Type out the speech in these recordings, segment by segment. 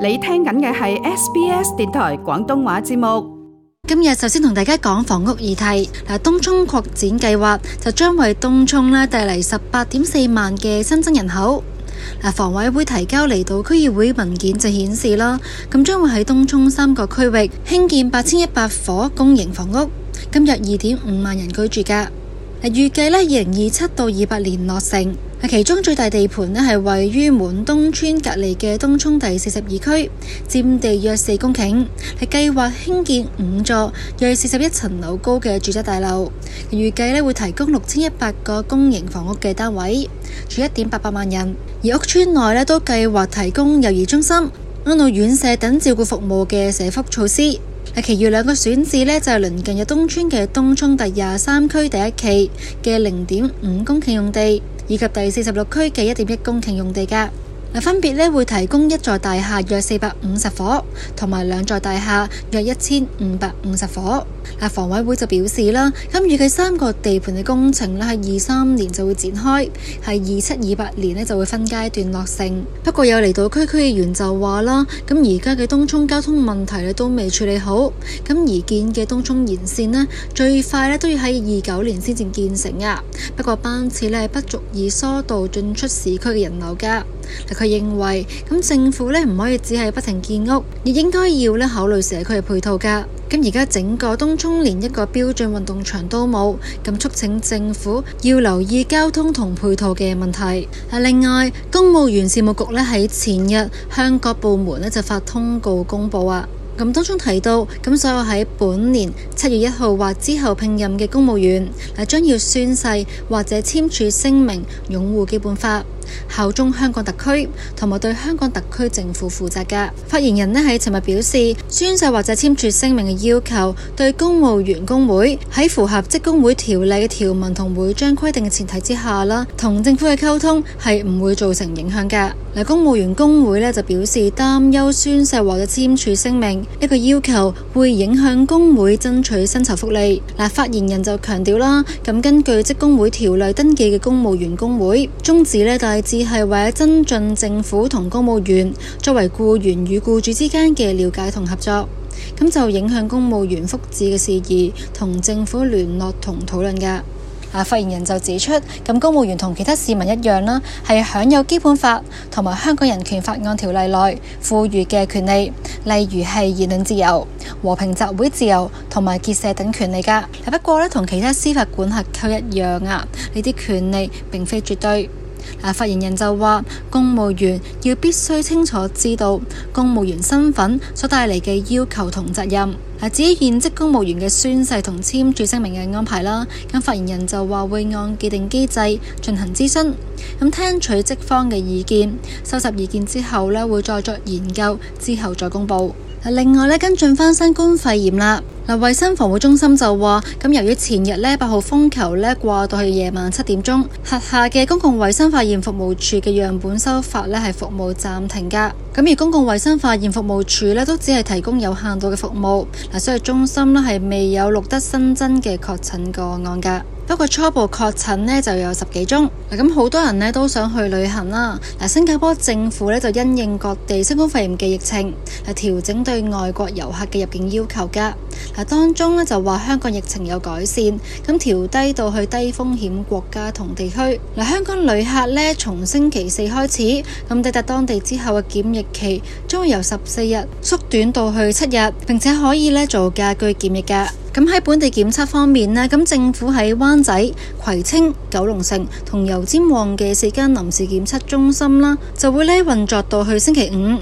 你聽緊嘅係 SBS 電台廣東話節目。今日首先同大家講房屋議題。嗱，東涌擴展計劃就將為東涌呢帶嚟十八點四萬嘅新增人口。嗱，房委會提交嚟到區議會文件就顯示啦，咁將會喺東涌三個區域興建八千一百伙公營房屋。今日二點五萬人居住㗎。係預計呢，2027到二八年落成。其中最大地盤呢，係位於滿東村隔離嘅東涌第四十二區，佔地約四公頃，係計劃興建五座約四十一層樓高嘅住宅大樓。預計呢，會提供六千一百個公營房屋嘅單位，住一點八八萬人。而屋村內呢，都計劃提供幼兒中心、安老院舍等照顧服務嘅社福措施。其餘兩個選址呢，就係、是、鄰近嘅東村嘅東涌第廿三區第一期嘅零點五公頃用地，以及第四十六區嘅一點一公頃用地噶分別咧會提供一座大廈約四百五十伙，同埋兩座大廈約一千五百五十伙。嗱，房委會就表示啦，咁預計三個地盤嘅工程咧，喺二三年就會展開，係二七二八年咧就會分階段落成。不過有離島區區議員就話啦，咁而家嘅東涌交通問題咧都未處理好，咁而建嘅東涌延線咧最快咧都要喺二九年先至建成啊。不過班次咧不足以疏導進出市區嘅人流㗎。佢認為政府唔可以只係不停建屋，而應該要考慮社區嘅配套㗎。咁而家整個東涌連一個標準運動場都冇，咁促請政府要留意交通同配套嘅問題。另外公務員事務局咧喺前日向各部門咧就發通告公佈啊。咁當中提到咁所有喺本年七月一號或之後聘任嘅公務員，嗱將要宣誓或者簽署聲明擁護基本法。效忠香港特區同埋對香港特區政府負責嘅發言人咧喺尋日表示，宣誓或者簽署聲明嘅要求，對公務員工會喺符合職工會條例嘅條文同會章規定嘅前提之下啦，同政府嘅溝通係唔會造成影響嘅。嗱，公務員工會咧就表示擔憂宣誓或者簽署聲明呢個要求會影響工會爭取薪酬福利。嗱，發言人就強調啦，咁根據職工會條例登記嘅公務員工會宗旨呢，但係只係為咗增進政府同公務員作為僱員與僱主之間嘅了解同合作，咁就影響公務員福祉嘅事宜同政府聯絡同討論嘅。啊，發言人就指出，咁公務員同其他市民一樣啦，係享有基本法同埋《香港人權法案條例》內賦予嘅權利，例如係言論自由、和平集會自由同埋結社等權利噶。不過呢，同其他司法管轄區一樣啊，呢啲權利並非絕對。嗱、啊，發言人就話公務員要必須清楚知道公務員身份所帶嚟嘅要求同責任。嗱、啊，至於現職公務員嘅宣誓同簽署聲明嘅安排啦，咁、啊、發言人就話會按既定機制進行諮詢，咁、啊、聽取職方嘅意見，收集意見之後呢，會再作研究，之後再公布。嗱、啊，另外呢，跟進翻新冠肺炎啦。嗱，衞生防護中心就話：咁由於前日咧八號風球咧掛到去夜晚七點鐘，轄下嘅公共衞生化驗服務處嘅樣本收發咧係服務暫停㗎。咁而公共衞生化驗服務處咧都只係提供有限度嘅服務。嗱，所以中心咧係未有錄得新增嘅確診個案㗎。不過初步確診咧就有十幾宗。嗱，咁好多人咧都想去旅行啦。嗱，新加坡政府咧就因應各地新冠肺炎嘅疫情，係調整對外國遊客嘅入境要求㗎。嗱，當中咧就話香港疫情有改善，咁調低到去低風險國家同地區。嗱，香港旅客咧從星期四開始，咁抵達當地之後嘅檢疫期，將會由十四日縮短到去七日，並且可以咧做家居檢疫㗎。咁喺本地檢測方面咧，咁政府喺灣仔、葵青、九龍城同油尖旺嘅四間臨時檢測中心啦，就會咧運作到去星期五。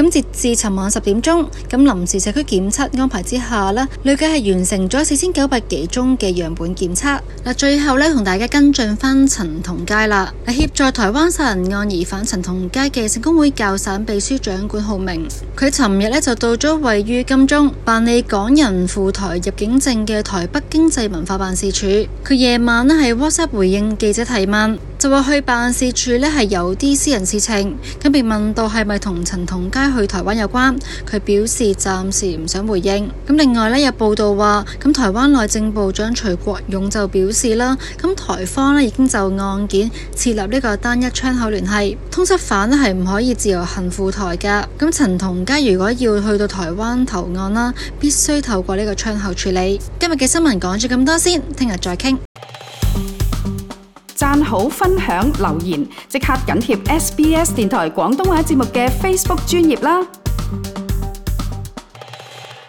咁截至尋晚十點鐘，咁臨時社區檢測安排之下呢，累計係完成咗四千九百幾宗嘅樣本檢測。嗱，最後呢，同大家跟進返陳同佳啦。協助台灣殺人案疑犯陳同佳嘅聖公會教省秘書長管浩鳴，佢尋日呢就到咗位於金鐘辦理港人赴台入境證嘅台北經濟文化辦事處。佢夜晚呢，喺 WhatsApp 回應記者提問。就話去辦事處呢係有啲私人事情，咁被問到係咪同陳同佳去台灣有關，佢表示暫時唔想回應。咁另外呢，有報道話，咁台灣內政部長徐國勇就表示啦，咁台方呢已經就案件設立呢個單一窗口聯繫，通緝犯呢係唔可以自由行赴台㗎。咁陳同佳如果要去到台灣投案啦，必須透過呢個窗口處理。今日嘅新聞講咗咁多先，聽日再傾。讚好、分享、留言，即刻緊貼 SBS 電台廣東話節目嘅 Facebook 專頁啦！